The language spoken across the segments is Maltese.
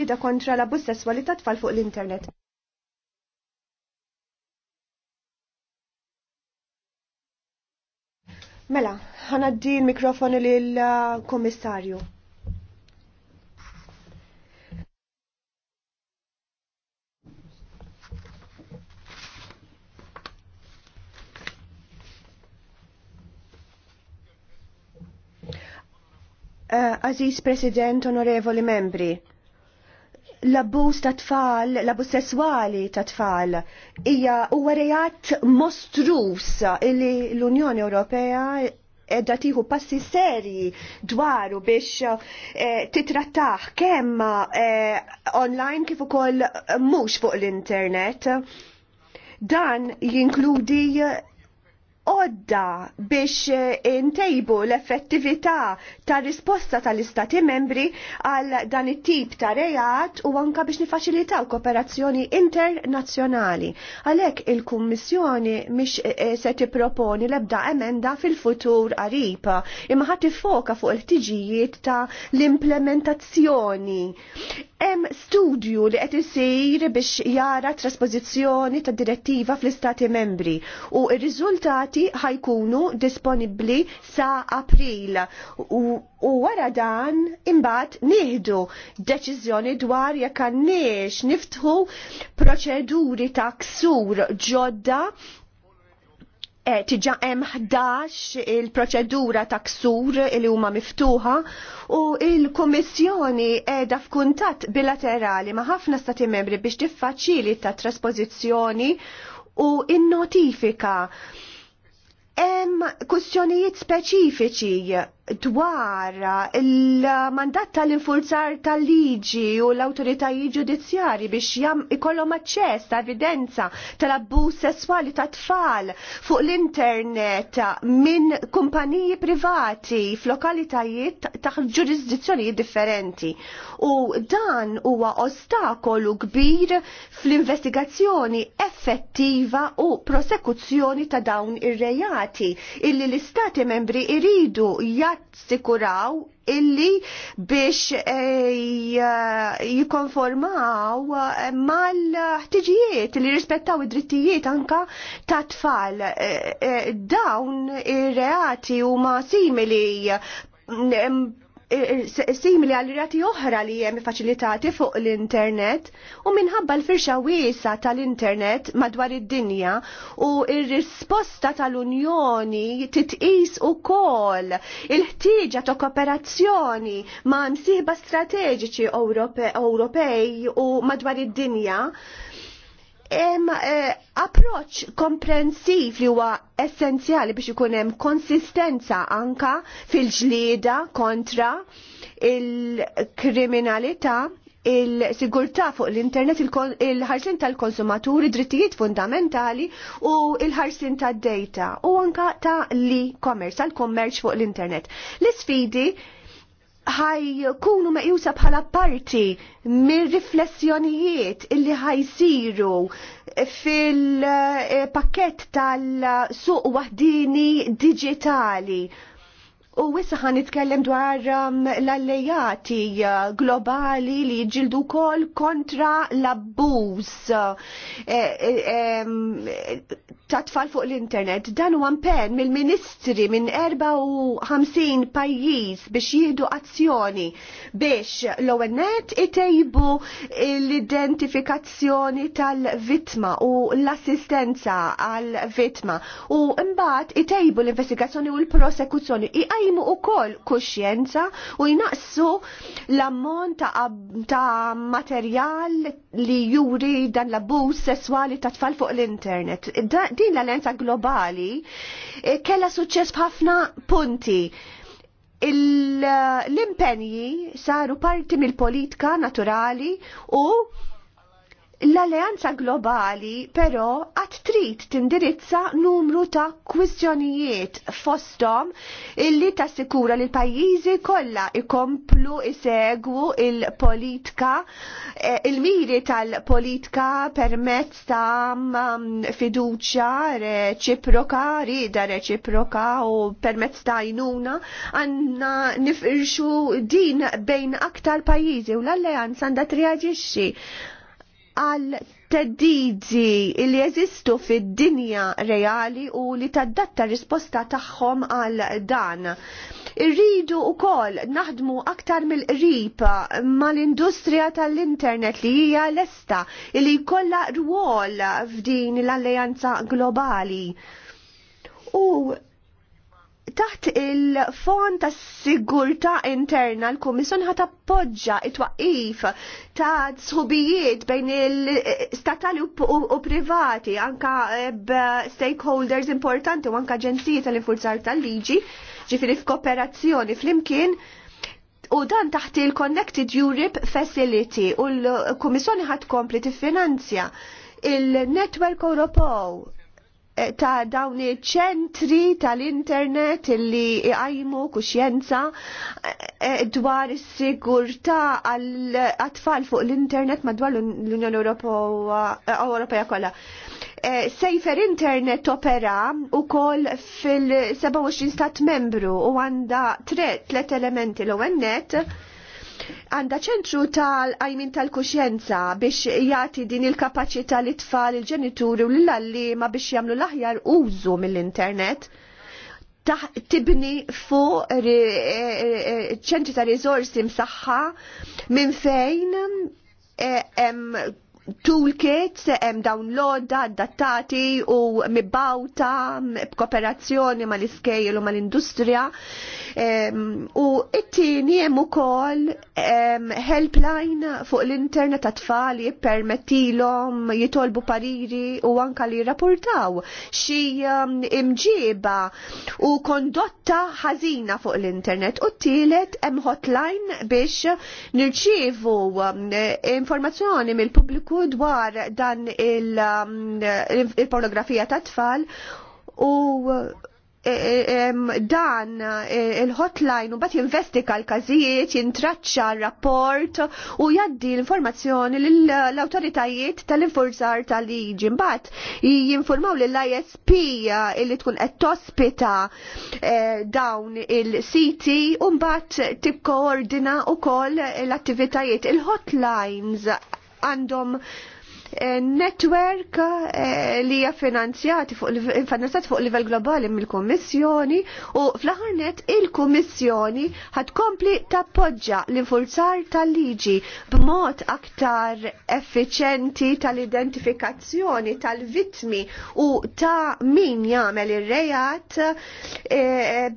ġida kontra l-abbuż sesswali ta' tfal fuq l-internet. Mela, ħanaddi l-mikrofonu lill-komissarju. Uh, eh, Aziz President, onorevoli membri, l-abbuż ta' tfal, l-abbuż sesswali ta' tfal hija huwa reat mostrus li l-Unjoni Ewropea edda tiħu passi serji dwaru biex eh, titrattaħ kemm eh, online kif ukoll mhux fuq l-internet. Dan jinkludi odda biex eh, intejbu l-effettività ta' risposta tal-istati membri għal dan it-tip ta' rejat u anka biex nifaċilitaw kooperazzjoni internazzjonali. Għalhekk il-Kummissjoni mhix eh, se tipproponi l-ebda emenda fil-futur qarib imma ħati foka fuq il-ħtiġijiet ta' l-implementazzjoni. Hemm studju li qed isir biex jara trasposizzjoni tad direttiva fl-istati membri u r-riżultat il-voti ħajkunu disponibli sa' april u, u wara dan imbagħad nieħdu deċiżjoni dwar jekk għandniex niftħu proċeduri ta' ksur ġodda e, tiġa hemm 11 il-proċedura ta' ksur li huma miftuħa u il-Kummissjoni qiegħda f'kuntatt bilaterali ma' ħafna stati membri biex tiffaċilita ta' trasposizzjoni u in-notifika Em kustjonijiet speċifiċi dwar il-mandat tal-infurzar tal-liġi u l-autoritajiet ġudizzjari biex jam ikollhom aċċess ta' evidenza tal-abbuż sesswali ta' tfal fuq l-internet minn kumpaniji privati f'lokalitajiet ta' ġurisdizzjonijiet differenti. U dan huwa ostakolu kbir fl-investigazzjoni effettiva u prosekuzzjoni ta' dawn ir-rejati illi l-istati membri iridu jgħat t-sikuraw illi biex eh, jikonformaw eh, mal-ħtiġijiet li rispettaw id-drittijiet anka ta' tfal. Eh, dawn ir-reati huma simili simili għal rati oħra li jemi faċilitati fuq l-internet u minħabba l-firxa wiesa tal-internet madwar id-dinja u il risposta tal-Unjoni titqis ukoll il-ħtieġa ta' kooperazzjoni ma' msiħba strateġiċi Ewropej u madwar id-dinja Eh, approċċ komprensiv li huwa essenzjali biex ikun hemm konsistenza anka fil-ġlieda kontra il-kriminalità il-sigurtà fuq l-internet, il-ħarsin tal-konsumaturi, drittijiet fundamentali u il-ħarsin tad data u anka ta' li commerce tal-kommerċ fuq l-internet. L-sfidi ħajkunu meqjusa bħala parti mir riflessjonijiet illi siru fil-pakket eh, tal-suq wahdini digitali U wissa ħan nitkellem dwar um, l-allejati uh, globali li jġildu kol kontra l-abbuż uh, e, e ta' tfal fuq l-internet. Dan huwa għampen mill-ministri minn 54 pajjiż biex jieħdu azzjoni biex l-ONET itejbu l-identifikazzjoni tal-vitma u l-assistenza għal-vitma u mbagħad itejbu l-investigazzjoni u l-prosekuzzjoni u kol kuxjenza u jnaqsu l-ammont ta', ta materjal li juri dan l-abbuż sesswali ta' tfal fuq l-internet. Din l-alenza globali eh, kella suċċess b'ħafna punti l-impenji saru parti mill-politika naturali u L-alleanza globali però għat trit tindirizza numru ta' kwistjonijiet fostom illi ta' sikura li l-pajjiżi kollha ikomplu isegwu il-politika eh, il-miri tal-politika permezz ta' mm, mm, fiduċja reċiproka, rida reċiproka u permezz ta' jnuna għandna nifirxu din bejn aktar pajjiżi u l-alleanza għandha triaġixxi għal teddidi li jeżistu fid-dinja reali u li taddatta risposta tagħhom għal dan. Irridu u kol naħdmu aktar mill-qrib mal-industrija tal-internet li hija lesta li jkollha rwol f'din l-alleanza globali. U Taħt il-fond ta' sigurta interna l-Komissjon ħat appoġġa it-twaqif ta' sħubijiet bejn il-statali u privati anka eh, b-stakeholders importanti u anka ġenziji tal-infurzar tal-liġi ġifiri f'kooperazzjoni fl-imkien u dan taħt il-Connected Europe Facility u l-Komissjoni ħat kompli tiffinanzja il-Network Europow Eh, ta' dawn iċ-ċentri tal-internet li jgħajmu kuxjenza eh, eh, dwar is-sigurtà għall-atfal fuq l-internet madwar l-Unjoni Ewropea kollha. Sejfer Internet opera u koll fil-27 stat membru u għanda tre tlet elementi l-għennet għanda ċentru tal-għajmin tal-kuxjenza biex jgħati din il kapacita li tfal il-ġenituri u l-allima biex jamlu l-aħjar użu mill-internet tibni fuq e, e, e, ċentri ta' rizorsi msaħħa minn fejn toolkit hemm download, adattati u mibbawta b'kooperazzjoni mal-iskejl u mal-industrija ehm, u it-tieni hemm ukoll ehm, helpline fuq l-internet ta' tfal jippermettilhom jitolbu pariri u anka li rapportaw xi ehm, imġiba u kondotta ħażina fuq l-internet u t-tielet hemm hotline biex nirċievu informazzjoni mill-pubbliku ħarġu dwar dan um, il-pornografija ta' tfal u e, e, dan e, il-hotline u bat jinvestika l-kazijiet, jintraċċa rapport u jaddi l-informazzjoni l-autoritajiet tal-infurzar tal-liġi. Mbagħad jinformaw l isp li eh, tkun qed tospita eh, dawn il-siti u mbagħad tikkoordina wkoll l-attivitajiet. Il-hotlines għandhom Eh, netwerk eh, li hija finanzjati fuq finanzjati fuq livell globali mill-Kummissjoni u fl-aħħar net il-Kummissjoni ħad kompli tappoġġa l-infurzar tal-liġi b'mod aktar effiċenti tal-identifikazzjoni tal-vittmi u ta' min jagħmel ir-rejat eh,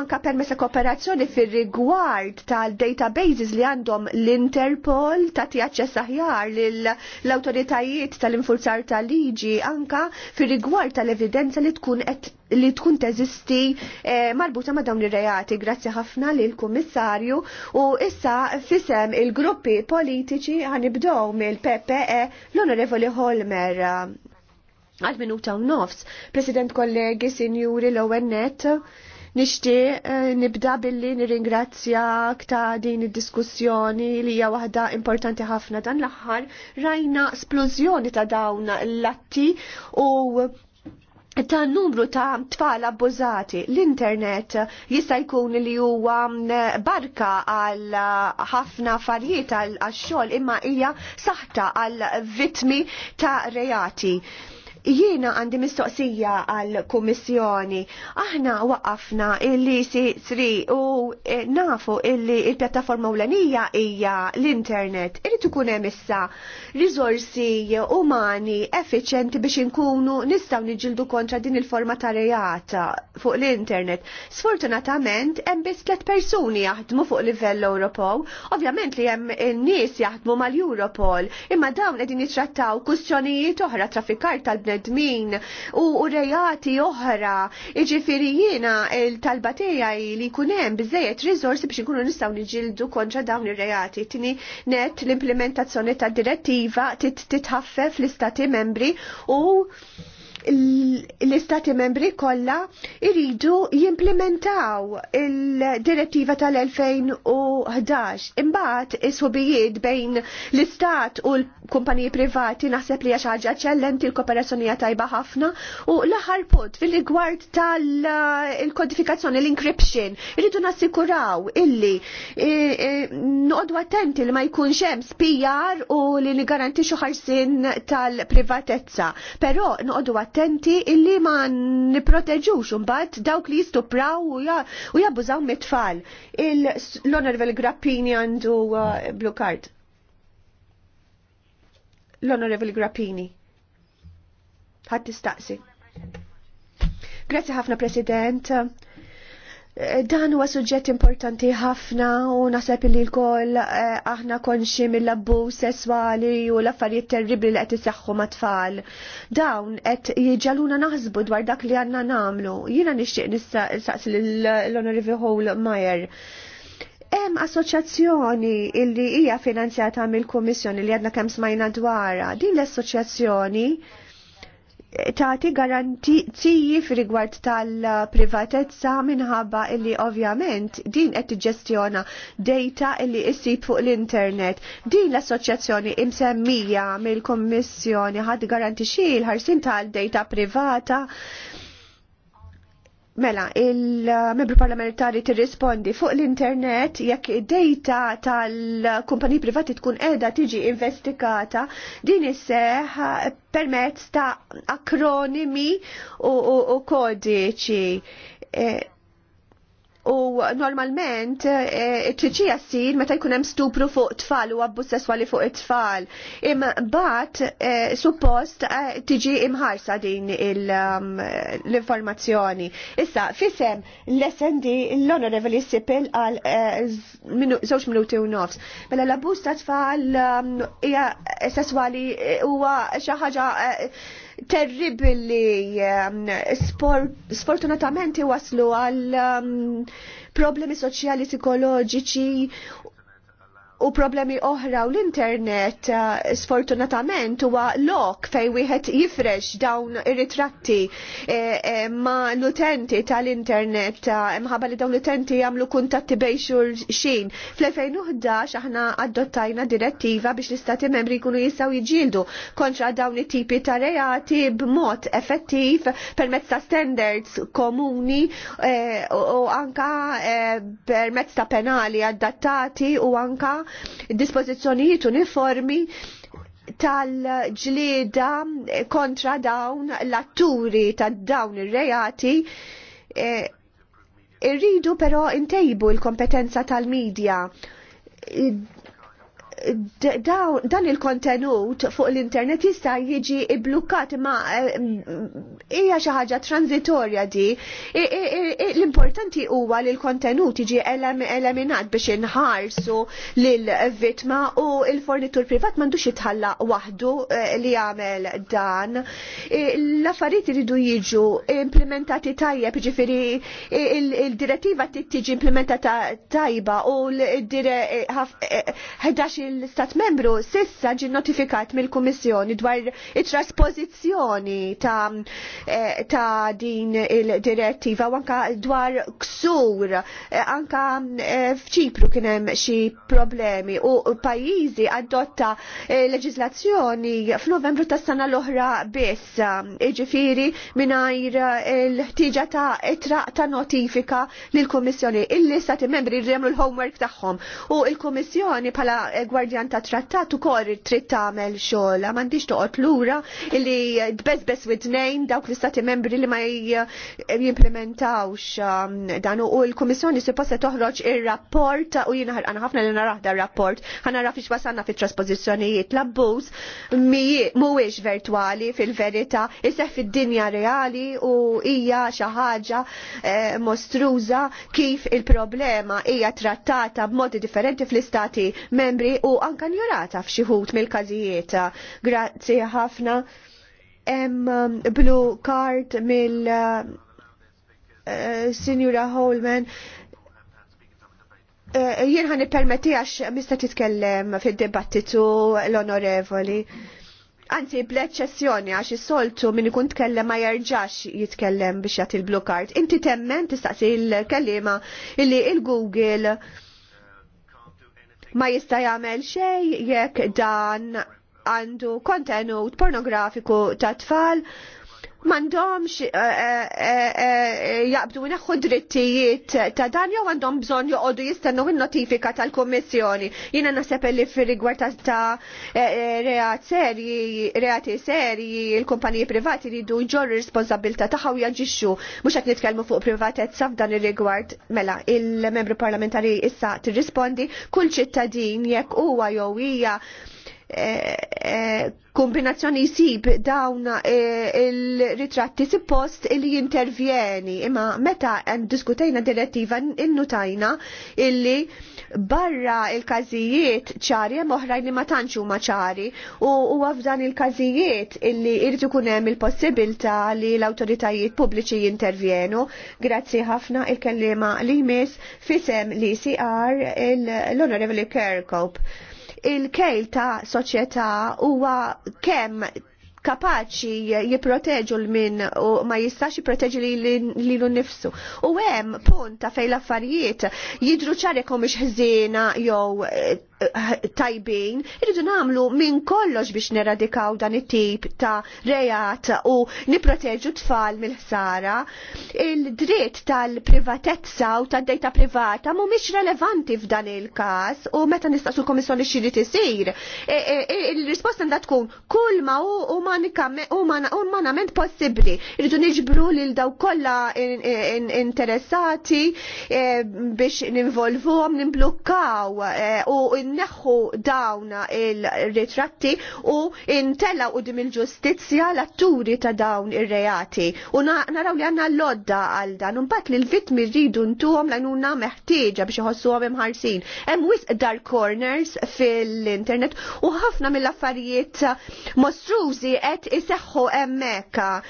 anka permessa kooperazzjoni fir-rigward tal-databases li għandhom l-Interpol tagħti aċċess aħjar lill-awtorità l tal-infurzar tal-liġi anka fil rigward tal-evidenza li tkun qed li tkun teżisti eh, marbuta ma' dawn ir-reati. Grazzi ħafna lil kummissarju u issa fisem il-gruppi politiċi ħanibdew mill-PPE l-Onorevoli Holmer għal minuta u nofs. President kollegi, sinjuri l-ONET, Nixtieq eh, nibda billi nirringrazzjak ta' din id-diskussjoni li hija waħda importanti ħafna dan l-aħħar rajna splużjoni ta' dawn l-latti u ta' numru ta' tfal abbużati. L-internet jista' jkun li huwa mm, barka għal ħafna affarijiet għal xogħol imma hija saħta għal vitmi ta' reati. Jiena għandi mistoqsija għal kummissjoni Aħna waqafna illi si u e, nafu illi il-pjattaforma ulanija hija l-internet. Irid ikun hemm issa umani effiċenti biex inkunu nistgħu niġildu kontra din il-forma ta' reata fuq l-internet. Sfortunatament hemm biss tliet persuni jaħdmu fuq livell Ewropew. Ovvjament li hemm in-nies jaħdmu mal-Europol, imma dawn qegħdin jitrattaw kwistjonijiet oħra traffikar tal-bnedmin bnedmin u rejati oħra. Iġifiri jiena il talbateja li kunem bizzejet rizors biex nkunu nistaw nġildu kontra dawn ir-rejati. Tini net l-implementazzjoni ta' direttiva titħaffef l-istati membri u l-istati membri kollha iridu jimplementaw il-direttiva tal-2011. Imbagħad is subijiet bejn l-istat u l kumpaniji privati naħseb li ħaġa ċellent l kooperazzjoni tajba ħafna u l-aħħar punt fil-rigward tal-kodifikazzjoni l-encryption irridu nassikuraw illi e, e, noqdu attenti li ma jkunx hemm spijar u li nigarantixxu ħarsin tal-privatezza. Però noqogħdu attenti illi ma nipproteġux imbagħad dawk li jistupraw u jabbużaw mit-tfal. L-Honorable Grappini għandu uh, blue card l-Onorevoli Grappini. Ħadd tistaqsi. Grazzi ħafna President. Dan huwa suġġett importanti ħafna u naħseb li l-koll eh, aħna konxi mill-abbuż sesswali u l-affarijiet terribli li qed iseħħu ma tfal Dawn qed jiġaluna naħsbu dwar dak li għandna nagħmlu. Jiena nixtieq nistaqsi l-Onorevi Hall Mayer Hemm assoċjazzjoni illi hija finanzjata mill-Kummissjoni li għadna kemm smajna dwarha. Din l-assoċjazzjoni tagħti garanziji f'rigward tal-privatezza minħabba illi ovvjament din qed tiġġestjona data illi issib fuq l-internet. Din l-assoċjazzjoni imsemmija mill-Kummissjoni ħadd garantixxi l-ħarsin tal-data privata Mela, il-membru parlamentari tirrispondi fuq l-internet jekk id-data tal-kumpaniji privati tkun edha tiġi investigata din isseħ permezz ta' akronimi u, u, u kodiċi. E U normalment eh, it-tfittxija ssir meta jkun hemm stupru fuq tfal u abbuż sessuali fuq it-tfal. Imma mbagħad eh, suppost eh, tiġi imħarsa din um, l-informazzjoni. Issa fisem l-SND l-Onorevoli Sipil għal żewġ minuti u nofs. Mela l-abbuż ta' tfal um, hija sesswali huwa xi ħaġa terribili um, sfortunatamente waslu għal um, problemi soċjali, psikoloġiċi u problemi oħra u l-internet eh, sfortunatament huwa lok fej wieħed jifrex dawn ir-ritratti eh, eh, ma l-utenti tal-internet imħabba li dawn l-utenti jagħmlu kuntatti xhur xulxin. Fl-2011 aħna adottajna direttiva biex l-istati membri jkunu jistgħu jiġildu kontra dawn it-tipi ta' reati b'mod effettiv permezz ta' standards komuni u anka permezz ta' penali adattati u anka dispożizzjonijiet uniformi tal-ġlieda kontra dawn l-atturi ta' dawn ir-reati e, irridu però ntejbu l-kompetenza tal-medja dan il-kontenut fuq l-internet jista' jiġi blukkat ma eh, hija xi ħaġa transitorja di. L-importanti huwa li l-kontenut jiġi eliminat biex inħarsu lil vittma u l-fornitur privat m'għandux jitħalla waħdu eh, li jagħmel dan. L-affarijiet iridu jiġu implementati tajjeb, ġifieri il-direttiva tiġi implementata tajba u l-dire 11 eh, l-Stat membru sissa ġi notifikat mill-Kummissjoni dwar it-traspożizzjoni ta', eh, ta din il-direttiva u anka dwar ksur eh, anka eh, f'Ċipru kien hemm xi problemi u pajjiżi adotta leġislazzjoni f'Novembru tas-sena l-oħra biss jiġifieri mingħajr il-ħtiġa ta' itraq ta' notifika lill-Kummissjoni illi stati membri rremlu l-homework tagħhom u l-Kummissjoni pala il-gwardjan ta' trattat ukoll trid tagħmel xogħol, m'għandix toqgħod lura li wid nejn dawk l-istati membri li ma jimplementawx um, dan u l-Kummissjoni se toħroġ ir-rapport u jien ħarqana ħafna li naraħ dan rapport. ħanara fiex wasanna fit-trasposizzjonijiet l-abbuż mhuwiex virtwali fil-verità, iseħ fid-dinja reali u hija xi ħaġa eh, mostruża kif il-problema hija trattata b'modi differenti fl-istati membri u anka njorata f'xiħut mill-każijiet. Grazzi ħafna. Hemm um, blue card mill uh, uh, Sinjura Holman. Uh, jien ħan permetti għax mista titkellem fid-dibattitu l-onorevoli. Anzi, bl-eċċessjoni għax is-soltu min ikun tkellem ma jerġax jitkellem biex jagħti il-blue card. Inti temmen tistaqsi il kelliema illi il-Google il google ma jista' jagħmel xejn jekk dan għandu kontenut pornografiku ta' tfal mandomx eh, eh, eh, jaqbdu neħu drittijiet ta' dan jew għandhom bżonn joqogħdu jistennu in-notifika tal-Kummissjoni. Jiena naħseb li fir-rigward ta' reati serji, reati serji, il-kumpaniji privati li jdu jġorru responsabilità tagħha u jaġixxu mhux qed nitkellmu fuq privatezza f'dan ir-rigward. Mela, il-membru parlamentari issa tirrispondi kull ċittadin jekk huwa jew hija kombinazzjoni jisib dawn eh, il-ritratti suppost li jintervjeni imma meta diskutejna direttiva innutajna illi barra il-kazijiet ċari hemm oħrajn li ma tantx huma ċari u huwa f'dan il-każijiet illi jrid ikun hemm il-possibilità li l-awtoritajiet pubbliċi jintervjenu. Grazzi ħafna il-kellima li jmiss fisem li CR l-Onorevoli Kerkop il-kejl ta' soċjetà huwa kemm kapaċi jiproteġu l-min u ma jistax jiproteġu li l-nifsu. U hemm punt ta' fej l-affarijiet jidru ċari komix jew eh, tajbin, irridu namlu minn kollox biex neradikaw dan it-tip ta' rejat u niproteġu tfal mill-ħsara. Il-dritt tal-privatezza u tad-dejta privata mhumiex relevanti f'dan il-każ u meta nistaqsu l-Komissjoni xiri tisir. E, e, e, il-risposta għandha tkun kull ma umanament possibbli. Irridu niġbru lil daw kollha interessati biex ninvolvuhom, nimblukkaw u neħħu dawn il-ritratti u intella u dim il-ġustizja l-atturi ta' dawn il-reati. U naraw li għanna l-lodda għal dan, bat li l-vitmi rridu ntuħom l nuna meħtieġa biex jħossu għom ħarsin. Hemm wis dark corners fil-internet u ħafna mill-affarijiet mostrużi qed iseħħu hemmhekk.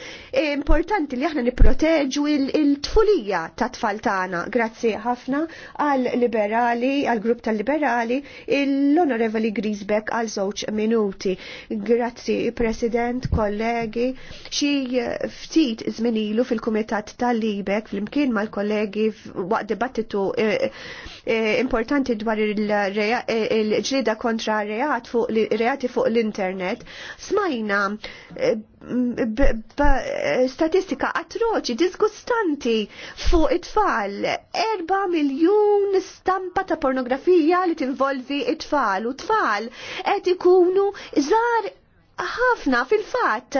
Importanti li aħna nipproteġu il-tfulija ta' tfal tagħna. Grazzi ħafna għal liberali, għal grupp tal-liberali, l-Onorevoli Grisbeck għal żewġ minuti. Grazzi, President, kollegi, xi ftit żminilu fil-Kumitat tal-Libek fl-imkien mal-kollegi waqt dibattitu eh, eh, importanti dwar eh, il-ġlida kontra reati fuq l-internet. Smajna statistika atroċi, disgustanti fuq it-tfal. 4 miljun stampa ta' pornografija li tinvolvi it-tfal u tfal qed ikunu żar ħafna fil-fatt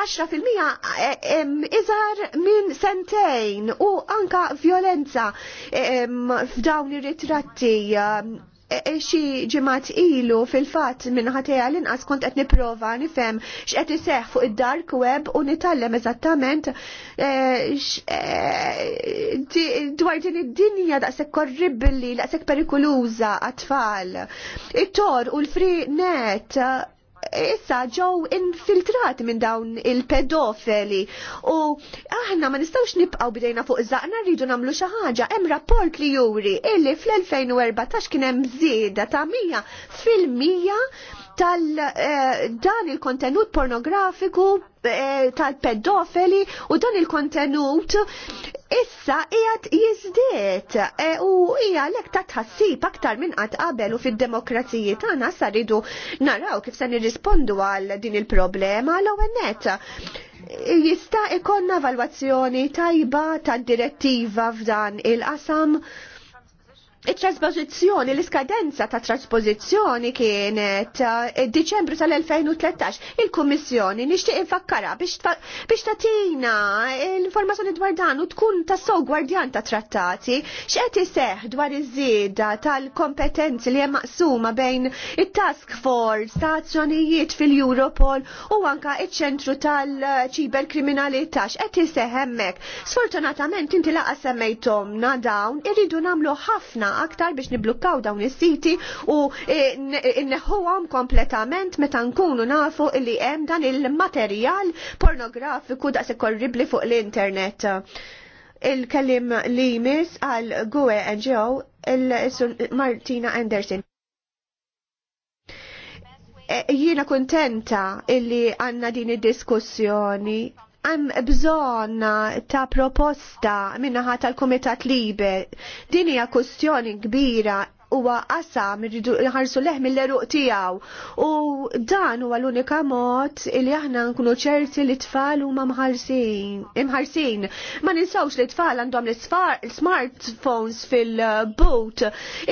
10% iżar minn sentejn u anka violenza f'dawn ir-ritratti E, e, xi ġimgħat ilu fil-fatt minħatejja l-inqas kont qed nipprova nifhem x'qed iseħħ fuq id-dark web u nitallem eżattament e, dwar din id-dinja daqshekk korribbili, daqshekk perikoluża għat-tfal. It-tor u l-free net issa ġew infiltrati minn dawn il pedofeli u aħna ma nistgħux nibqgħu bidejna fuq iż-żaqna rridu nagħmlu xi ħaġa. Hemm rapport li juri illi fl-2014 kien hemm żieda ta' 100 fil-mija tal-dan eh, il-kontenut pornografiku eh, tal-pedofili u dan il-kontenut issa qiegħed jiżdied eh, u hija lek ta' tħassib aktar minn qatt qabel u fid-demokrazija tagħna sa ridu naraw kif se nirrispondu għal din il-problema l-ewwel net. Jista' ikonna valwazzjoni tajba tad-direttiva f'dan il-qasam it-trasposizjoni, l-iskadenza ta' trasposizjoni kienet eh, Diċembru tal-2013. Il-Kummissjoni nixtieq infakkara biex tatina l-informazzjoni dwar dan u tkun ta' sow gwardjan ta' trattati x'qed iseħħ dwar iż-żieda tal-kompetenzi li hemm maqsuma bejn it-task force, stazzjonijiet fil-Europol u anka iċ-ċentru tal-ċiber kriminalità x'qed iseħħ hemmhekk. Sfortunatament inti laqa' semmejtomna dawn irridu nagħmlu ħafna aktar biex niblukkaw dawn is-siti u e, e, inneħuhom kompletament meta nkunu nafu li hemm dan il-materjal pornografiku daqs ikorribli fuq l-internet. Il-kellim li mis għal Gue NGO il-Martina Anderson e, jiena kontenta illi għanna din id-diskussjoni hemm bżonna ta' proposta minnaħa tal-Kumitat Libe. Din hija kwestjoni kbira huwa qasam irridu nħarsu leħ mill-eruq tiegħu. U dan huwa l-unika mod li aħna nkunu ċerti li tfal huma mħarsin, imħarsin. Ma ninsawx li tfal għandhom l-smartphones fil-boot.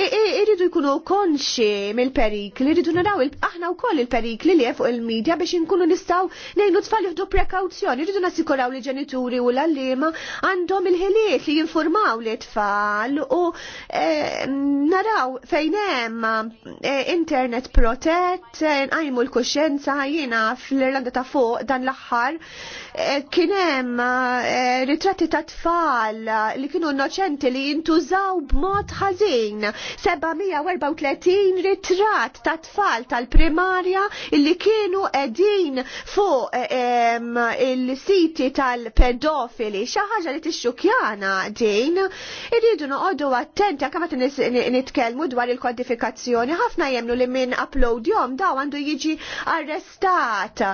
Irridu jkunu konxi mill-perikli, irridu naraw aħna wkoll il-perikli li fuq il-medja biex inkunu nistgħu ngħinu tfal jieħdu prekawzjoni, irridu nassikuraw li ġenituri u l-allima għandhom il-ħiliet li jinformaw li tfal u eh, naraw naraw fejn hemm eh, internet protett, għajmu eh, l kuxenza jiena fl-Irlanda ta' fuq dan l-aħħar kienem eh, ritratti ta' tfal li kienu innoċenti li jintużaw b'mod ħażin. 734 ritratt ta' tfal tal-primarja li kienu edin fuq eh, il-siti tal-pedofili. Xi ħaġa li tixxukjana din. Irridu noqogħdu attenti anke meta nitkellmu dwar il-kodifikazzjoni. Ħafna jemnu li min upload jom daw għandu jiġi arrestat.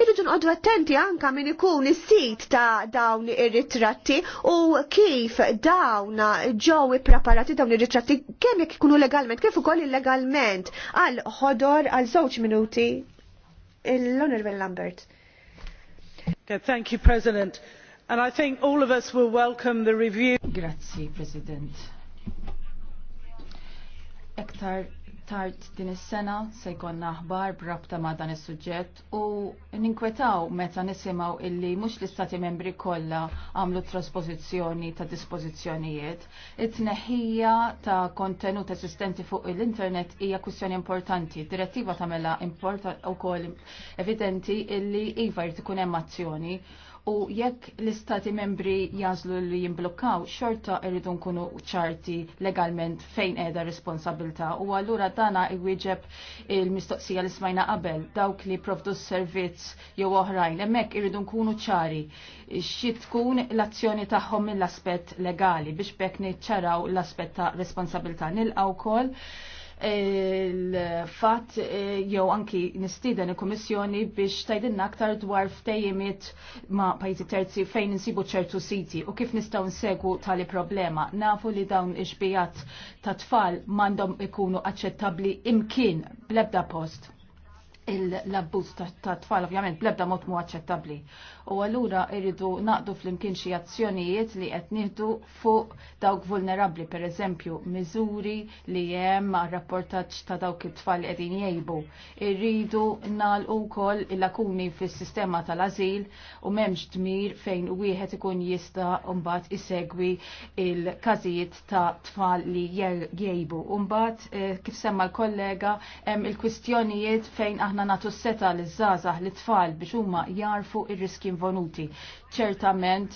Irridu noqogħdu attenti anke min ikun xkun is-sit ta' dawn ir-ritratti u kif dawn ġew ippreparati dawn ir-ritratti kemm jekk ikunu legalment, kif ukoll illegalment għal ħodor għal żewġ minuti. L-Honorable Lambert. Thank you, President. And I think all of us will welcome the review. Grazie, President. Ektar tard din is-sena se jkollna aħbar b'rabta ma' dan is-suġġett u ninkwetaw meta nisimgħu illi mhux l-istati membri kollha għamlu trasposizzjoni ta' dispożizzjonijiet. It-tneħħija ta' kontenut eżistenti fuq l-internet hija kwistjoni importanti. Direttiva tagħmilha important ukoll evidenti illi iva jrid ikun hemm azzjoni u jekk l-istati membri jazlu li jimblokkaw xorta irridu nkunu ċarti legalment fejn edha responsabilta u għallura dana iwieġeb il-mistoqsija li smajna qabel dawk li provdu s-servizz jew oħrajn hemmhekk irridu nkunu ċari xie tkun l-azzjoni tagħhom mill-aspett legali biex bekk niċċaraw l-aspett ta' responsabilta nilqaw kol il-fat eh, jew anki nistiden il-Komissjoni biex tajdinna aktar dwar ftejimit ma' pajjiżi terzi fejn insibu ċertu siti u kif nistgħu nsegu tali problema. Nafu li dawn iġbijat ta' tfal m'għandhom ikunu aċċettabbli imkien bl-ebda post l-abbuż ta' tfal ovvjament blebda mod mu aċċettabbli. U allura irridu naqdu flimkien xi azzjonijiet li qed nieħdu fuq dawk vulnerabbli, pereżempju miżuri li hemm rapportaġġ ta' dawk it-tfal li qegħdin jgħibu. Irridu nagħlqu wkoll il-lakuni fis-sistema tal-ażil u m'hemmx dmir fejn wieħed ikun jista' mbagħad isegwi il-każijiet ta' tfal li jgħibu. Mbagħad eh, kif semma l-kollega hemm il-kwistjonijiet fejn aħna aħna natu seta li żgħażagħ li tfal biex huma jarfu ir-riski involuti. Ċertament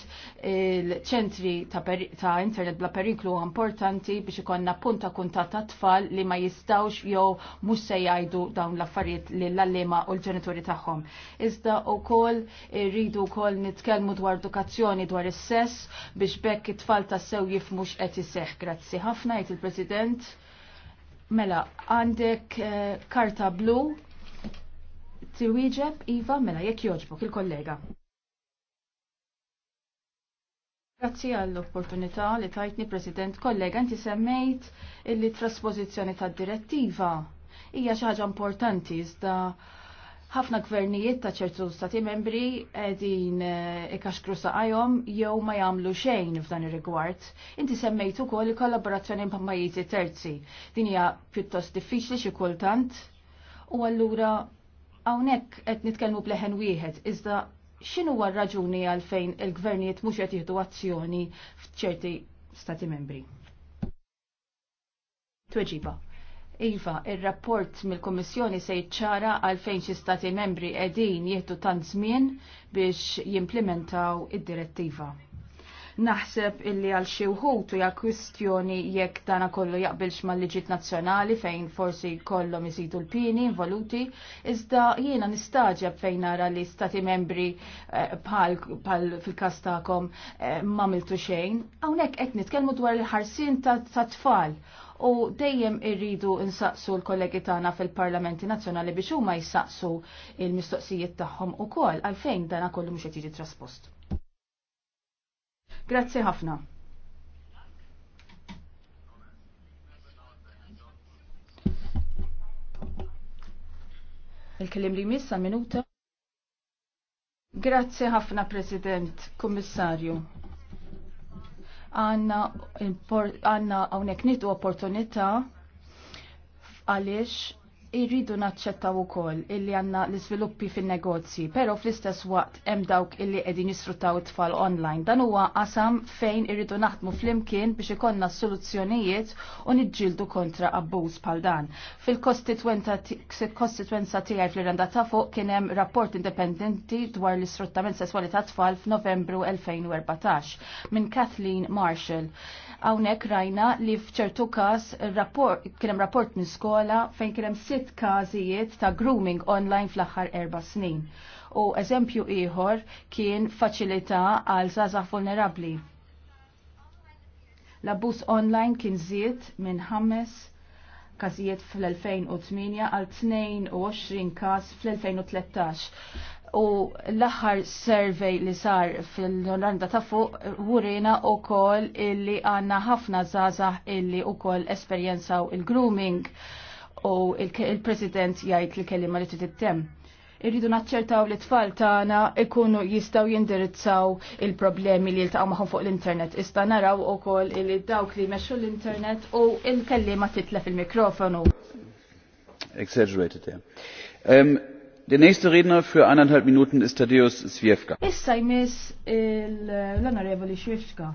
il-ċentri ta', ta internet bla periklu importanti biex ikonna punta kunta ta' tfal li ma jistawx jew mhux se jgħidu dawn l-affarijiet l allema u l-ġenituri tagħhom. Iżda wkoll irridu wkoll nitkellmu dwar edukazzjoni dwar is-sess biex bekk it-tfal sew jifmux qed iseħħ. Grazzi ħafna jgħid il-President. Mela, għandek eh, karta blu tiwieġeb Iva mela jekk joġbok il-kollega. Grazzi għall-opportunità li tajtni President kollega inti semmejt illi traspożizzjoni tad direttiva hija xi ħaġa importanti iżda ħafna gvernijiet ta' ċertu stati membri qegħdin eh, ikaxkru saqajhom jew ma jagħmlu xejn f'dan ir-rigward. Inti semmejt ukoll il-kollaborazzjoni ma' pajjiżi terzi. Din hija pjuttost diffiċli xi kultant u allura Hawnhekk qed nitkellmu bleħen wieħed iżda xinu għal raġuni għalfejn il-gvernijiet mhux qed jieħdu azzjoni f'ċerti stati membri. Tweġiba. Iva, il-rapport mill-Kommissjoni se jċara għalfejn xi stati membri qegħdin jieħdu tant żmien biex jimplementaw id-direttiva. Naħseb illi għal xi wħud hija kwistjoni jekk dana kollu jaqbilx mal-liġit nazzjonali fejn forsi kollhom isidu l-pini involuti, iżda jiena nistaġeb fejn nara li stati membri eh, bħal fil-każ tagħkom eh, m'għamiltu xejn. Hawnhekk qed nitkellmu dwar il-ħarsien ta' tfal u dejjem irridu nsaqsu l-kollegi tagħna fil-Parlamenti Nazzjonali biex huma jsaqsu il-mistoqsijiet tagħhom ukoll għalfejn dana kollu mhux qed jiġi traspost. Grazzi ħafna. il kellim li missa minuta. Grazzi ħafna President, Kommissarju. Għanna għonek nitu opportunita għalix irridu naċċettaw ukoll illi għanna l-iżviluppi fin-negozji, però fl-istess waqt hemm dawk illi qegħdin jisfruttaw it-tfal online. Dan huwa qasam fejn irridu naħdmu flimkien biex ikollna soluzzjonijiet u niġġieldu kontra abbuż bħal dan. Fil-kostitwenza tiegħi fl-Irlanda ta' fuq kien hemm rapport indipendenti dwar l-isfruttament sesswali ta' tfal f'Novembru 2014 minn Kathleen Marshall. Hawnhekk rajna li f'ċertu każ kien hemm rapport minn skola fejn kien hemm sitt ftit każijiet ta' grooming online fl-aħħar erba' snin. U eżempju ieħor kien faċilità għal żgħażagħ vulnerabbli. L-abbuż online kien żied minn ħames każijiet fl-2008 għal 22 każ fl-2013. U l-aħħar survey li sar fil-Olanda ta' fuq wurina u koll illi għanna ħafna zazah illi u koll esperienzaw il-grooming u il-President jgħid li kellima li trid ittemm. Irridu naċċertaw li tfal tagħna ikunu jistgħu jindirizzaw il-problemi li ltaqgħu magħhom fuq l-internet. Ista' naraw ukoll li dawk li jmexxu l-internet u l-kellima titla fil mikrofonu Exaggerated, yeah. Um, der nächste Redner für eineinhalb Minuten ist Tadeusz Zwiefka. Issa jmiss l-Onorevoli Zwiefka.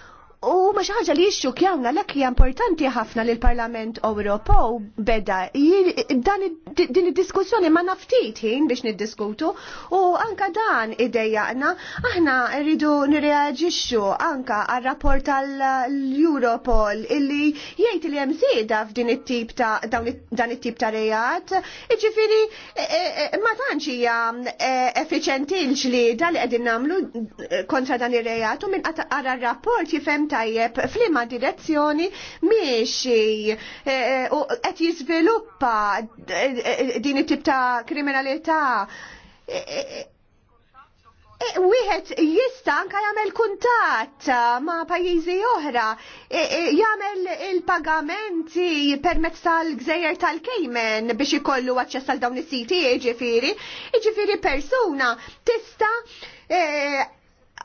U ma xi ħaġa li jixxukjawna l hija importanti ħafna li l-Parlament Ewropew beda din id-diskussjoni ma naftit ħin biex niddiskutu u anka dan idejjaqna aħna rridu nirreaġixxu anka għar rapport tal-Europol illi jgħid li hemm żieda f'din it-tip ta' dan it-tip ta' rejat. iġifieri e- e- e- ma tantx hija effiċjentilx li dan li qegħdin nagħmlu kontra dan ir-rejat u minn qara r-rapport jifhem tajjeb flima direzzjoni miexi eh, eh, u qed jiżviluppa eh, din it-tip ta' kriminalità wieħed jista' anke jagħmel kuntatt ma' pajjiżi oħra, jagħmel il-pagamenti permezz tal-gżejjer tal-Kejmen biex ikollu aċċess għal dawn is-siti, jiġifieri, jiġifieri persuna tista'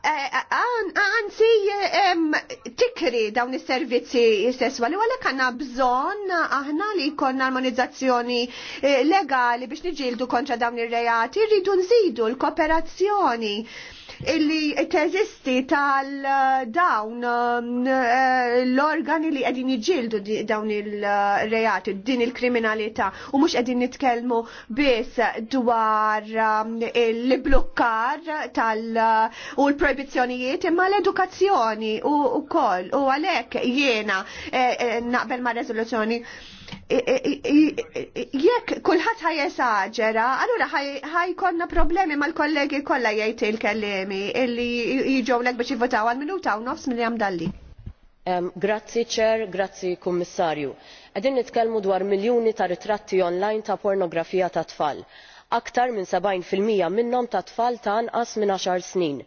għanzi eh, eh, eh, tikri dawn is-servizzi sessuali, għalek għanna bżon aħna li konna armonizzazzjoni legali biex niġildu kontra dawn ir-reati, rridu nżidu l-kooperazzjoni illi teżisti tal-dawn eh, l-organi li għedin jġildu dawn il-rejati, din il-kriminalità, u mux għedin nitkelmu bis dwar eh, il-blokkar tal- u l-proibizjonijiet imma l-edukazzjoni u koll u għalek jena eh, naqbel ma' rezoluzzjoni jekk kulħadd ħajesaġera, allura ħajkonna problemi mal-kollegi kollha jgħid il-kellemi illi jiġu lek biex jivvotaw għal minuta u nofs milli jam dalli. Grazzi ċer, grazzi kummissarju. Qegħdin nitkellmu dwar miljuni ta' ritratti online ta' pornografija ta' tfal. Aktar minn 70% minnhom ta' tfal ta' anqas minn 10 snin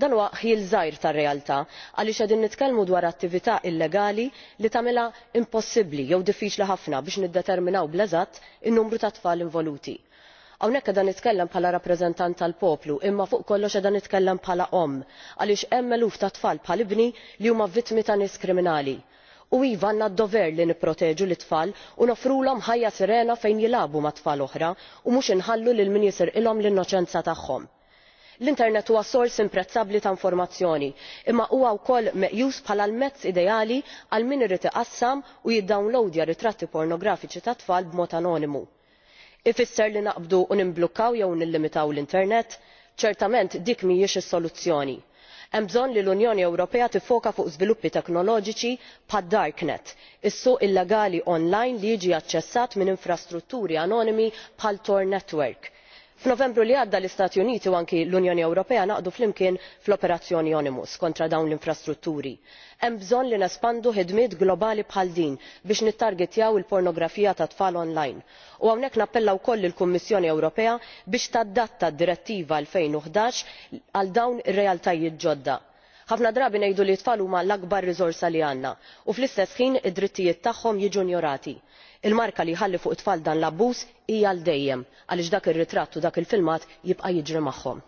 dan huwa ħiel żgħir tar-realtà għaliex qegħdin nitkellmu dwar attività illegali li tagħmilha impossibbli jew diffiċli ħafna biex niddeterminaw bl-eżatt in-numru ta' tfal involuti. hawnhekk qiegħda nitkellem bħala rappreżentant tal poplu imma fuq kollox qiegħda nitkellem bħala omm għaliex hemm eluf ta' tfal bħal ibni li huma vittmi ta' nies kriminali u iva għandna d-dover li nipproteġu lit tfal u nofrulhom ħajja serena fejn jilagħbu ma' tfal oħra u mhux inħallu lil min jisirqilhom l innoċenza tagħhom l-internet huwa sors imprezzabbli ta' informazzjoni imma huwa wkoll meqjus bħala l-mezz ideali għal min irid iqassam u jiddownloadja ritratti pornografiċi ta' tfal b'mod anonimu. ifisser li naqbdu u nimblukkaw jew nillimitaw l-internet? ċertament dik mhijiex is-soluzzjoni. hemm bżonn li l-unjoni ewropea tiffoka fuq żviluppi teknoloġiċi bħad darknet is suq illegali online li jiġi aċċessat minn infrastrutturi anonimi bħal tor network f'novembru li għadda l-istati uniti u anki l-unjoni ewropea naqdu flimkien fl-operazzjoni onimus kontra dawn l-infrastrutturi. hemm bżonn li nespandu ħidmiet globali bħal din biex nittargetjaw il pornografija ta' tfal online u hawnhekk nappella wkoll lill kummissjoni ewropea biex tadatta d direttiva two għal dawn ir realtajiet ġodda ħafna drabi ngħidu li t-tfal huma l-akbar riżorsa li għandna u fl-istess ħin id-drittijiet tagħhom jiġu injorati. il marka li jħalli fuq it-tfal dan l-abbuż hija għal dejjem għaliex dak ir-ritratt u dak il-filmat jibqa' jiġri magħhom.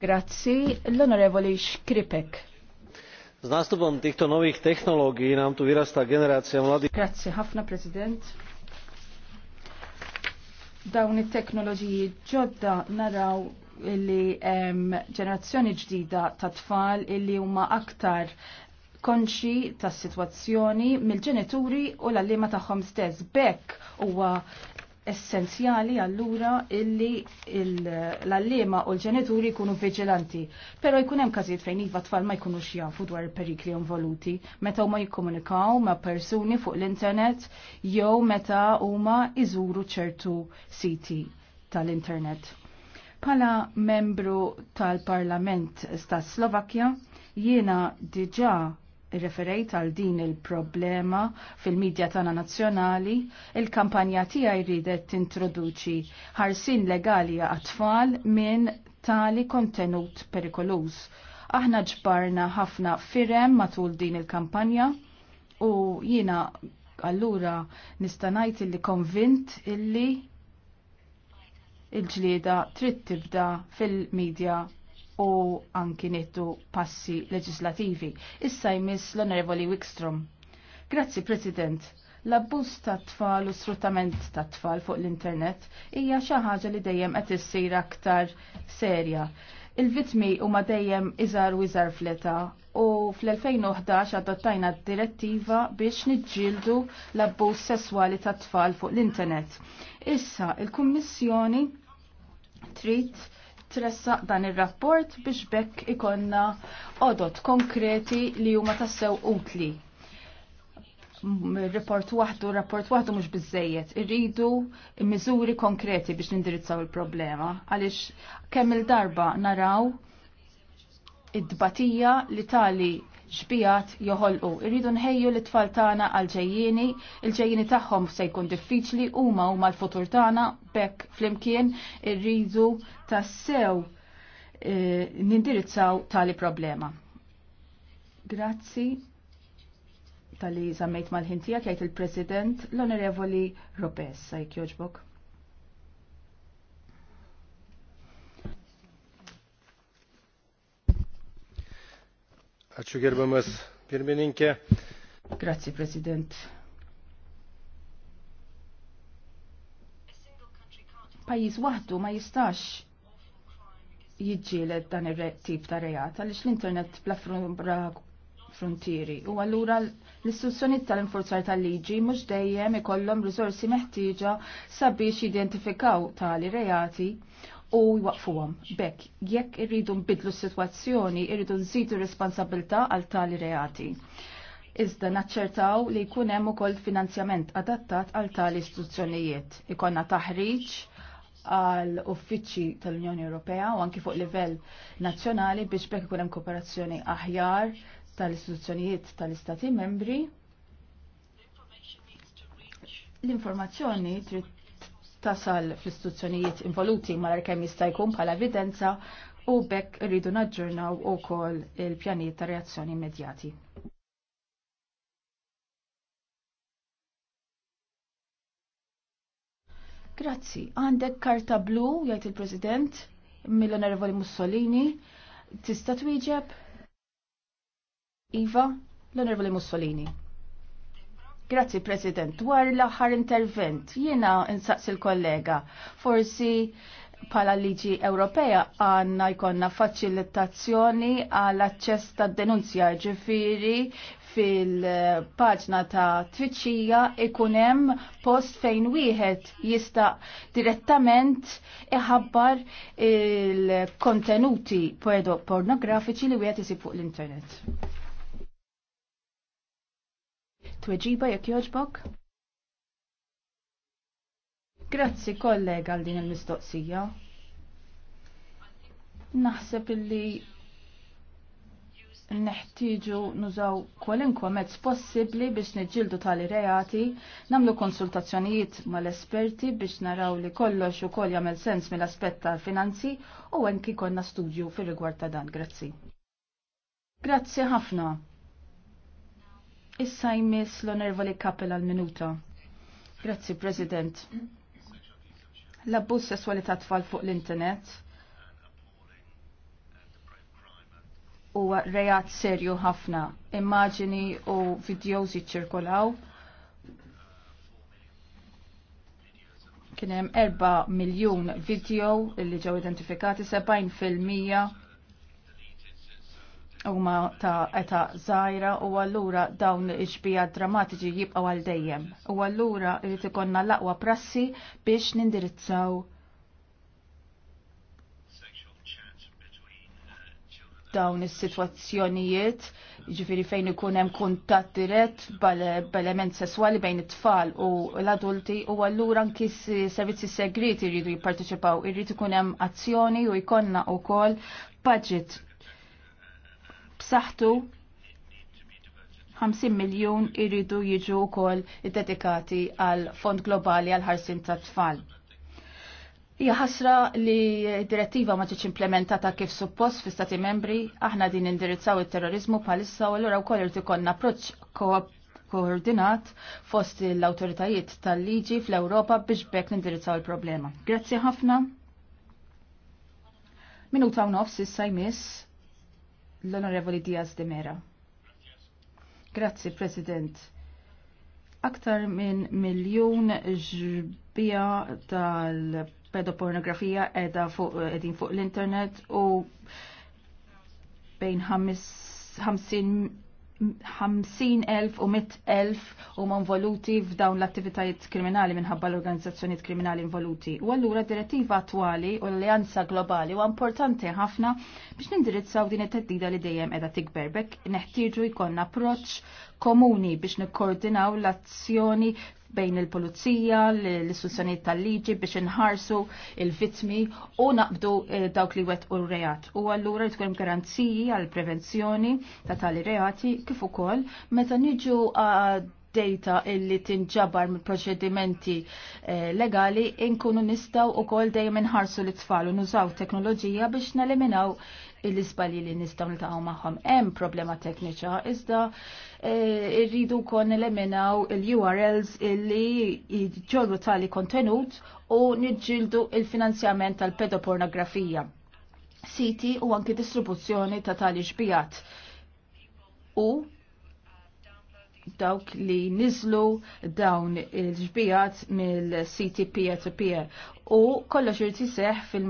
Grazzi, l-Onorevoli Škripek. Z nástupom týchto nových technológií nám tu vyrastá generácia mladých. Grazie, hafna prezident dawn it-teknoloġiji ġodda naraw illi ġenerazzjoni ġdida ta' tfal illi huma aktar konxi ta' situazzjoni mill-ġenituri u l-allima tagħhom stess. Bekk huwa essenzjali allura illi l-allema u l-ġenituri jkunu vigilanti. Pero jkun hemm każijiet fejn iva tfal ma jkunux jafu dwar il-perikli involuti meta huma jikkomunikaw ma' persuni fuq l-internet jew meta huma iżuru ċertu siti tal-internet. Pala membru tal-Parlament sta Slovakkja jiena diġa referejt għal din il-problema fil-medja tagħna nazzjonali, il-kampanja tiegħi jridet tintroduċi ħarsin legali għat-tfal minn tali kontenut perikoluż. Aħna ġbarna ħafna firem matul din il-kampanja u jiena allura nista' ngħid illi konvint illi il-ġlieda trid tibda fil-medja u anki nittu passi leġislativi. Issa jmiss l-Onorevoli Wikstrom. Grazzi, President. L-abbuż ta' tfal u sfruttament ta' tfal fuq l-internet hija xi ħaġa li dejjem qed issir aktar serja. Il-vitmi huma dejjem iżar u iżar fleta u fl-2011 adottajna direttiva biex niġġieldu l-abbuż sesswali ta' tfal fuq l-internet. Issa il-Kummissjoni trid tressaq dan ir-rapport biex bekk ikonna odot konkreti li huma tassew utli. Report waħdu, rapport waħdu mhux bizzejiet. Irridu miżuri konkreti biex nindirizzaw il-problema għaliex kemm il-darba naraw id-dbatija li tali xbijat joħolqu. Irridu nħejju l-tfal tagħna għal ġejjini il ġejjini tagħhom se jkun diffiċli huma huma l-futur tagħna bekk flimkien irridu tassew eh, nindirizzaw tali problema. Grazzi Tali zammejt mal-ħintija kajt il-President l-Onorevoli Robes, sajk joġbok. Ačiū President. Pajis waħdu ma jistax jiġġieled dan ir-tip ta' rejat għaliex l-internet bla frontieri u allura l-istituzzjonijiet tal-infurzar tal-liġi mhux dejjem ikollhom riżorsi meħtieġa sabiex jidentifikaw tali rejati u jwaqfuhom. Bekk, jekk irridu nbidlu s-sitwazzjoni, irridu nżidu responsabilta għal tali reati. Iżda naċċertaw li jkun hemm ukoll finanzjament adattat għal tali istituzzjonijiet. Ikonna taħriġ għal uffiċċji tal-Unjoni Ewropea u anki fuq livell nazzjonali biex bekk ikun hemm kooperazzjoni aħjar tal-istituzzjonijiet tal-Istati membri l-informazzjoni trid tasal fl-istituzzjonijiet involuti mal-arkem jista' jkun bħala evidenza u bekk irridu naġġurnaw ukoll il-pjanijiet ta' reazzjoni immedjati. Grazzi. Għandek karta blu, jgħid il-President, mill-Onorevoli Mussolini. Tista' twieġeb? Iva, l-Onorevoli Mussolini. Grazzi President, dwar l-aħħar intervent, jiena insaqs il-kollega, forsi pala liġi Ewropea għanna jkonna faċilitazzjoni għall aċċess ta' denunzja ġifiri fil-paġna ta' tfittxija ikunem post fejn wieħed jista' direttament iħabbar il-kontenuti pornografiċi li wieħed isib fuq l-internet. Tweġiba jekk joġbok? Grazzi kollega għal din il-mistoqsija. Naħseb illi neħtieġu nużaw kwalinkwa mezz possibbli biex niġġieldu tali reati, namlu konsultazzjonijiet mal-esperti biex naraw li kollox ukoll jagħmel sens mill-aspett tal-finanzi u anki konna studju fir-rigward ta' dan. Grazzi. Grazzi ħafna. Issa jmiss l-onervoli kapel għal minuta. Grazzi, President. l abbus sessuali ta' tfal fuq l-internet huwa rejat serju ħafna. Immaġini u videozi jiċċirkolaw. Kien hemm 4 miljun video li ġew identifikati 70 fil huma ta' eta żgħira u allura dawn iġbija drammatiċi jibqgħu għal dejjem. U allura irid ikonna l-aqwa prassi biex nindirizzaw dawn is-sitwazzjonijiet, ġifiri fejn ikun hemm kuntatt dirett b'element sesswali bejn it-tfal u l-adulti u allura anki s-servizzi segreti jridu jipparteċipaw, irrid ikun hemm azzjoni u jkollna wkoll budget b'saħħtu 50 miljon iridu jiġu wkoll iddedikati għal Fond Globali għal ħarsin ta' tfal. Hija ħasra li direttiva ma ġietx implementata kif suppost fi stati membri, aħna din indirizzaw it-terrorizmu bħalissa u allura wkoll irid ikollna approċċ koordinat fost l-awtoritajiet tal-liġi fl-Ewropa biex bekk nindirizzaw il-problema. Grazzi ħafna. Minuta u nofs issa jmiss l-Onorevoli Diaz de Mera. Grazzi, President. Aktar minn miljon ġbija tal-pedopornografija edha fuq, edin fuq l-internet u bejn 50 50.000 u 100.000 u man voluti f'dawn l-attivitajiet kriminali minħabba l-organizzazzjoniet kriminali involuti. U allura direttiva attuali u l-alleanza globali u importanti ħafna biex nindirizzaw din it-teddida li dejjem edha Bek neħtieġu jkollna approċċ komuni biex nikkoordinaw l-azzjoni bejn il-pulizija, l-istituzzjonijiet tal-liġi biex inħarsu il-vittmi u naqbdu eh, dawk li wet u reat. U allura tkun garanziji għal prevenzjoni ta' tali reati kif ukoll meta niġu data illi tinġabar mill proċedimenti eh, legali inkunu nistaw u kol dejjem inħarsu l-tfal u nużaw teknoloġija biex neliminaw l-isbali li nistaw niltaqgħu magħhom hemm problema tekniċa iżda eh, irridu kon eliminaw il-URLs illi jġorru tali kontenut u niġġildu il-finanzjament tal-pedopornografija. Siti u anki distribuzzjoni ta' tali ġbijat. U dawk li nizlu dawn il-ġbijat mill-siti peer-to-peer u kollox irti seħ fil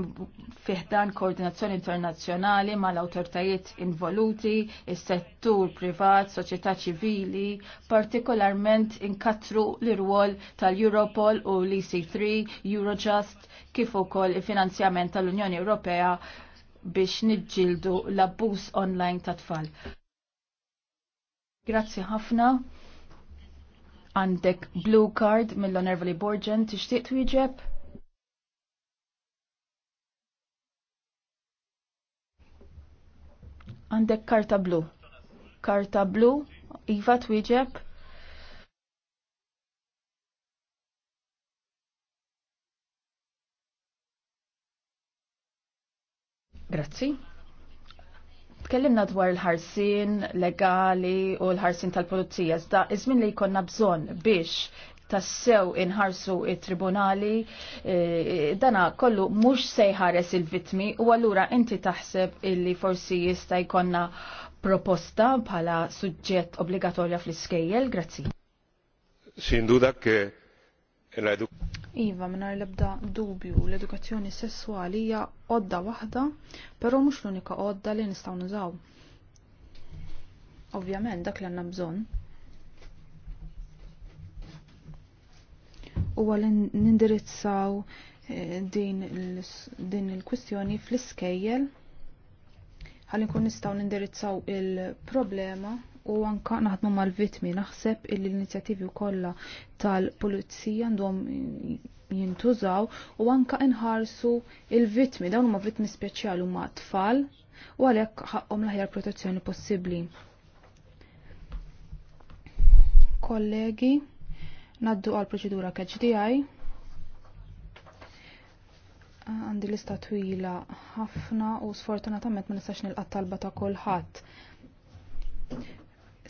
fihdan koordinazzjoni internazzjonali mal autoritajiet involuti, il-settur privat, soċjetà ċivili, partikolarment inkatru l-irwol tal-Europol u l-EC3, Eurojust, kif ukoll il-finanzjament tal-Unjoni Ewropea biex nidġildu l-abbuż online tat tfal. Grazzi ħafna. Għandek blue card mill-Onervoli Borgen tixtieq twieġeb? Għandek karta blu. Karta blu, iva twieġeb. Grazzi. Tkellimna dwar il-ħarsin legali u l-ħarsin tal-pulizija. Iżda iżmin li jkollna bżonn biex tassew inħarsu it-tribunali, eh, dana kollu mux sejħares il-vitmi u għallura inti taħseb illi forsi jista jkonna proposta bħala suġġett obbligatorja fl-iskejjel. Grazzi. Sin duda ke Iva, l lebda dubju l-edukazzjoni sessuali hija odda waħda, però mhux l-unika odda li nistgħu nużaw. Ovvjament dak li għanna bżonn huwa li nindirizzaw eh, din il-kwistjoni fl-iskejjel Għal nkun nistgħu nindirizzaw il-problema u anka naħdmu mal-vitmi naħseb il l-inizjattivi kollha tal-pulizija għandhom jintużaw u anka inħarsu il-vitmi dawn huma vitmi speċjali huma tfal u għalhekk ħaqhom l-aħjar protezzjoni possibbli. Kollegi, naddu għal proċedura KHDI. Għandi lista twila ħafna u sfortunatament ma nistax nilqa' talba ta' kulħadd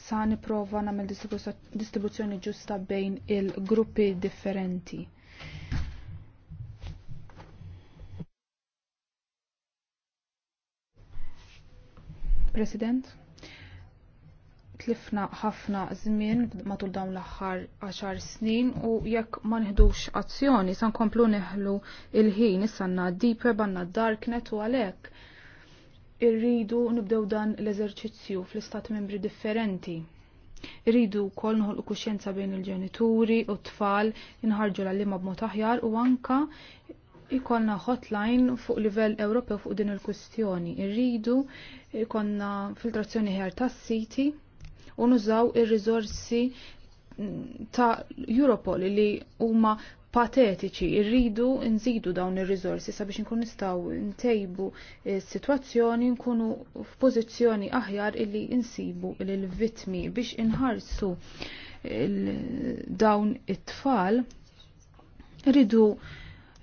sa niprofa nagħmel distribuzzjoni ġusta bejn il-gruppi differenti. President, tlifna ħafna żmien matul dawn l-aħħar 10 snin u jekk ma nħidux azzjoni sa nkomplu neħlu il-ħin issa għandna d għandna darknet u għalhekk irridu nibdew dan l-eżerċizzju fl-istat membri differenti. Irridu kol u kuxjenza bejn il-ġenituri u t-tfal inħarġu l-għallima b'mod aħjar u anka ikonna hotline fuq livell Ewropew fuq din il-kustjoni. Irridu ikonna filtrazzjoni ħjar tas-siti u nużaw ir rizorsi ta' Europol li huma patetiċi, irridu nżidu dawn ir-riżorsi sabiex nkun nistgħu ntejbu s-sitwazzjoni nkunu f'pożizzjoni aħjar illi insibu lill-vittmi biex inħarsu dawn it-tfal rridu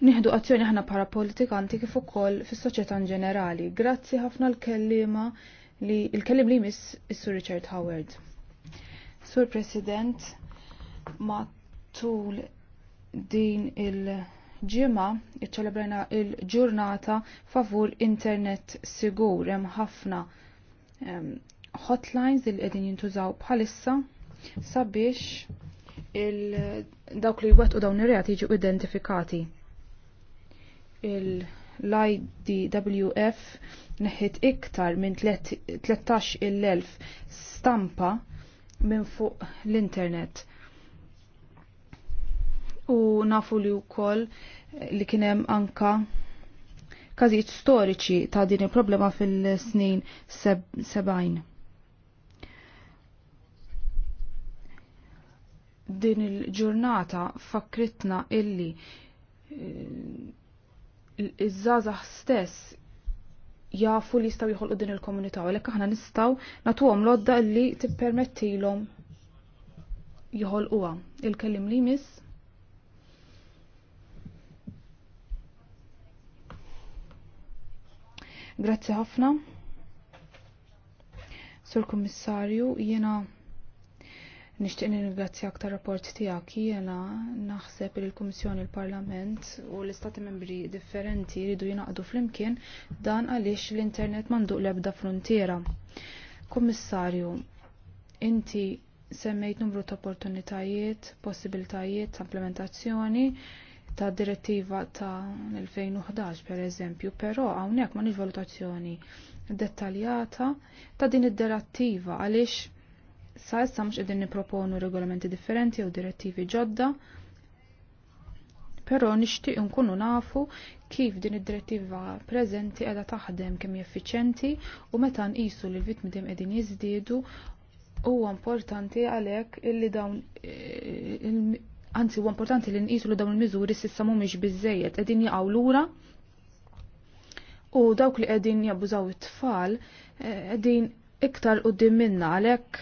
nieħdu azzjoni aħna para politikanti kif ukoll fis-soċjetà ġenerali. Grazzi ħafna l-kellima li l-kellim li miss is-Sur Richard Howard. Sur President, ma tul din il-ġimgħa iċċelebrajna il-ġurnata favur internet sigur hemm ħafna hotlines li qegħdin jintużaw bħalissa sabiex dawk li wettqu dawn ir-reati jiġu identifikati. Il-IDWF neħħit iktar minn 13 il stampa minn fuq l-internet u nafu li wkoll li kienem anka każijiet storiċi ta' din il-problema fil-snin 70. din il-ġurnata fakritna illi eh, iż-żazax stess jafu li jistaw jħolqu din il-komunità, u lekk aħna nistaw natuhom lodda li tippermettilhom jħolquha. Il-kellim li miss Grazzi ħafna. Sur Kummissarju, jiena nixtieq nirringrazzja aktar rapport tiegħek jiena naħseb li l-Kummissjoni l-Parlament u l-Istati Membri differenti jridu jingħaqdu flimkien dan għaliex l-Internet m'għanduq l-ebda frontiera. Kummissarju, inti semmejt numru ta' opportunitajiet, possibilitajiet, implementazzjoni, ta' direttiva ta' 2011 per eżempju, però hawnhekk ma' valutazzjoni dettaljata ta' din id-direttiva għaliex sa' mux mhux qegħdin nipproponu regolamenti differenti jew direttivi ġodda, però nixtieq nkunu nafu kif din id-direttiva preżenti qiegħda taħdem kemm jeffiċenti u meta nqisu li l-vittmi dejjem qegħdin jiżdiedu huwa importanti għalhekk illi dawn eh, Anzi, huwa importanti li nqisu li dawn il-miżuri s'issa mhumiex biżejjed qegħdin jaqgħu lura u dawk li qegħdin jabbużaw it-tfal eh, qegħdin iktar u minna għalhekk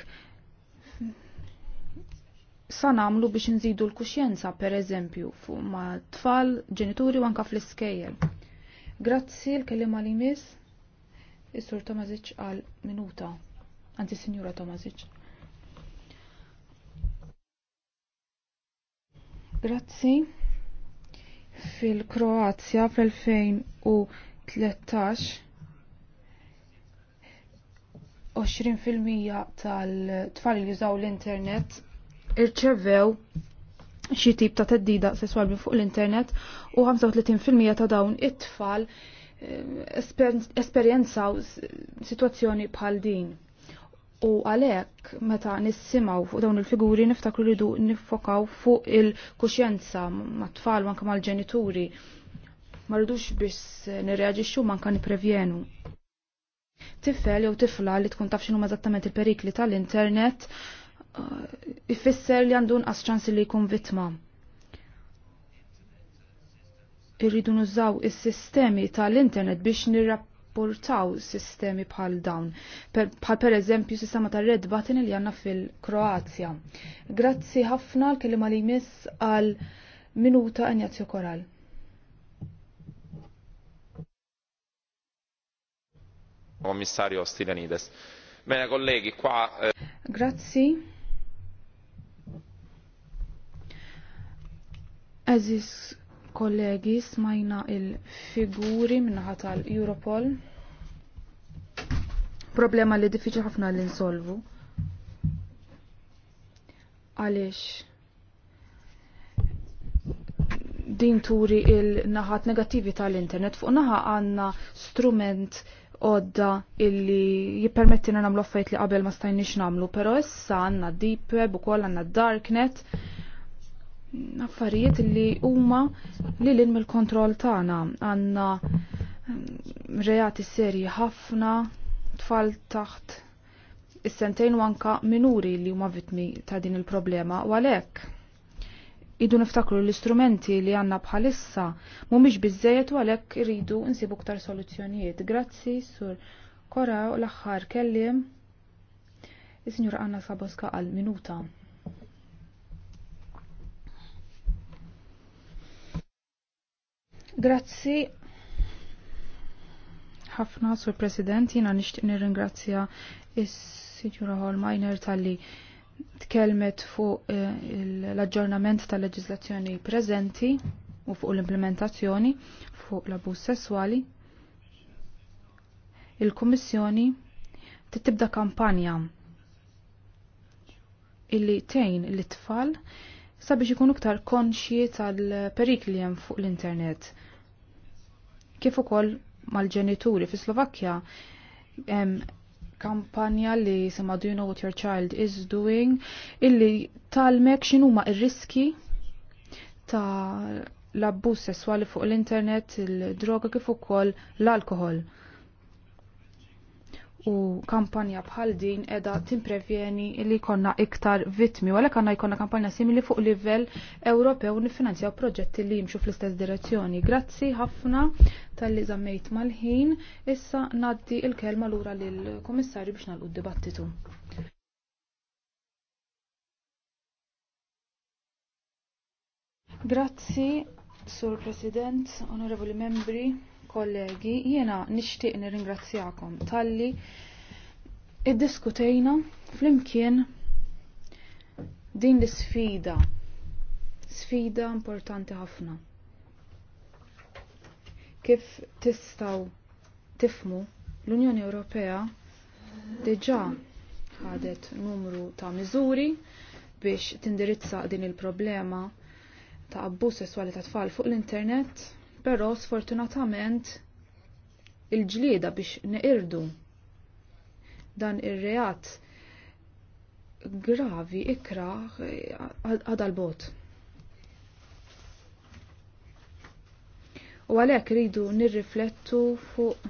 sa nagħmlu biex nżidu l-kuxjenza pereżempju fuq ma' tfal, ġenituri u anka fl-iskejjel. Grazzi l-kelima li mis, Is-sur Tomazic għal minuta. Anzi, Sinjura Tomazic. Grazzi. Fil-Kroazja fl-2013 20% tal-tfal li jużaw l-internet irċevew xi tip ta' teddida sesswal minn fuq l-internet u 35% ta' dawn it-tfal eh, esperjenzaw sitwazzjoni bħal din. U għalek, meta nissimaw fuq dawn il-figuri niftakru li du nifokaw fuq il-kuxjenza ma' tfal manka mal ġenituri ma rridux biss nirreagixxu manka niprevjenu. Tifel jew tifla li tkun taf x'inhu eżattament il-perikli tal-internet uh, ifisser li għandu nqas ċansi li jkun vittma. Irridu nużaw is-sistemi tal-internet biex nirrap nesportaw sistemi bħal dawn, bħal per eżempju sistema ta' red button li għanna fil-Kroazja. Grazzi ħafna l-kelima li jmiss għal minuta għanjazzju Koral. Komissario Stylianides. Bene kollegi, qua... Eh, Grazzi. Aziz kollegi smajna il-figuri minnaħa tal-Europol. Problema li diffiċi ħafna li nsolvu. Għaliex din turi il-naħat negativi tal-internet fuq naħa għanna strument għodda illi jippermettina namlu affajt li qabel ma stajniex namlu, pero issa għanna deep web u koll għanna darknet. net affarijiet li huma li l mill-kontroll tagħna għandna mm, reati serji ħafna tfal taħt is-sentejn u anka minuri li huma vittmi ta' din il-problema u għalhekk idu niftakru l-istrumenti li għanna bħalissa mhumiex bizzejet u għalek iridu nsibu ktar soluzzjonijiet. Grazzi, sur Kora u l-axħar kellim. is sinjur Anna Saboska għal minuta. Grazzi. Ħafna, Sur President, jina nishtiq nirringrazzja il sinjura Holmeiner tal-li tkelmet fuq eh, l-aġġornament tal-leġizlazzjoni preżenti u fuq l-implementazzjoni fuq l-abuż sessuali. Il-Kummissjoni tibda kampanja illi tejn l-tfal sabiex ikunu iktar konxji tal-perikli hemm fuq l-internet kif ukoll mal-ġenituri. Fi Slovakkja kampanja li sema Do you know what your child is doing illi talmek x'inhuma il riski ta' l-abbuż sesswali fuq l-internet, il-droga kif ukoll l-alkohol u kampanja bħal din edha timprevjeni li konna iktar vitmi, u għalek għanna jkonna kampanja simili fuq livell Ewropew nifinanzjaw proġetti li jimxu fl-istess direzzjoni. Grazzi ħafna tal-li zammejt mal-ħin, issa naddi il-kelma lura lill-Komissarju biex nalqu dibattitu Grazzi, Sur President, Onorevoli Membri, kollegi, jiena nixtieq nirringrazzjakom talli iddiskutejna flimkien din l-sfida. Sfida importanti ħafna. Kif tistaw tifmu l-Unjoni Ewropea diġà ħadet numru ta' miżuri biex tindirizza din il-problema ta' abbuż sesswali ta' tfal fuq l-internet però sfortunatament il-ġlieda biex neqirdu dan ir-reat gravi ikra għadal bot. U għalhekk ridu nirriflettu fuq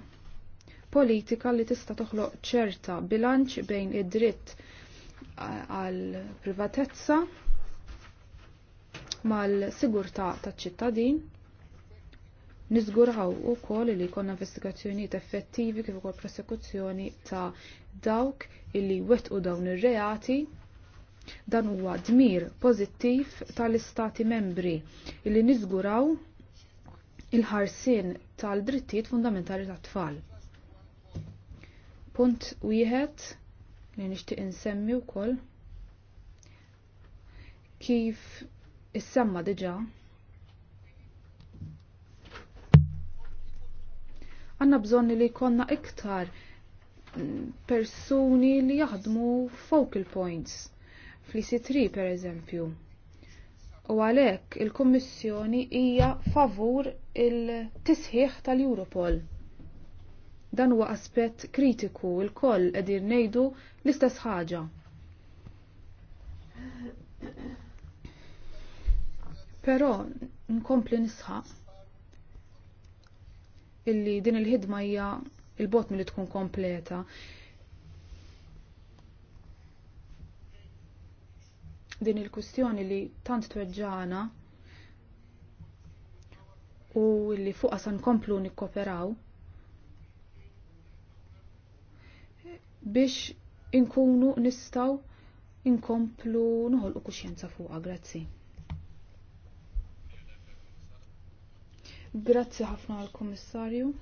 politika li tista' toħloq ċerta bilanċ bejn id-dritt għal privatezza mal-sigurtà taċ-ċittadin Nizguraw u kol li konna investigazzjoniet effettivi kif ukoll prosekuzzjoni ta' dawk illi u dawn ir-reati dan huwa dmir pożittiv tal-istati membri illi niżguraw il-ħarsin tal-drittijiet fundamentali tat-tfal. Punt wieħed li nixtieq insemmi wkoll kif is-semma diġà Għanna bżonni li konna iktar persuni li jaħdmu focal points fl sitri 3 per eżempju. U għalek il-Kommissjoni hija favur il-tisħiħ tal-Europol. Dan huwa aspett kritiku il-koll qegħdin ngħidu l-istess ħaġa. Però nkompli nisħaq illi din il-ħidma hija il-bot li tkun kompleta. Din il-kustjoni li tant tweġġana u li fuqa san komplu nikkoperaw biex inkunu nistaw inkomplu nħolqu kuxjenza fuqa, grazzi. Grazzi ħafna għal-Komissarju.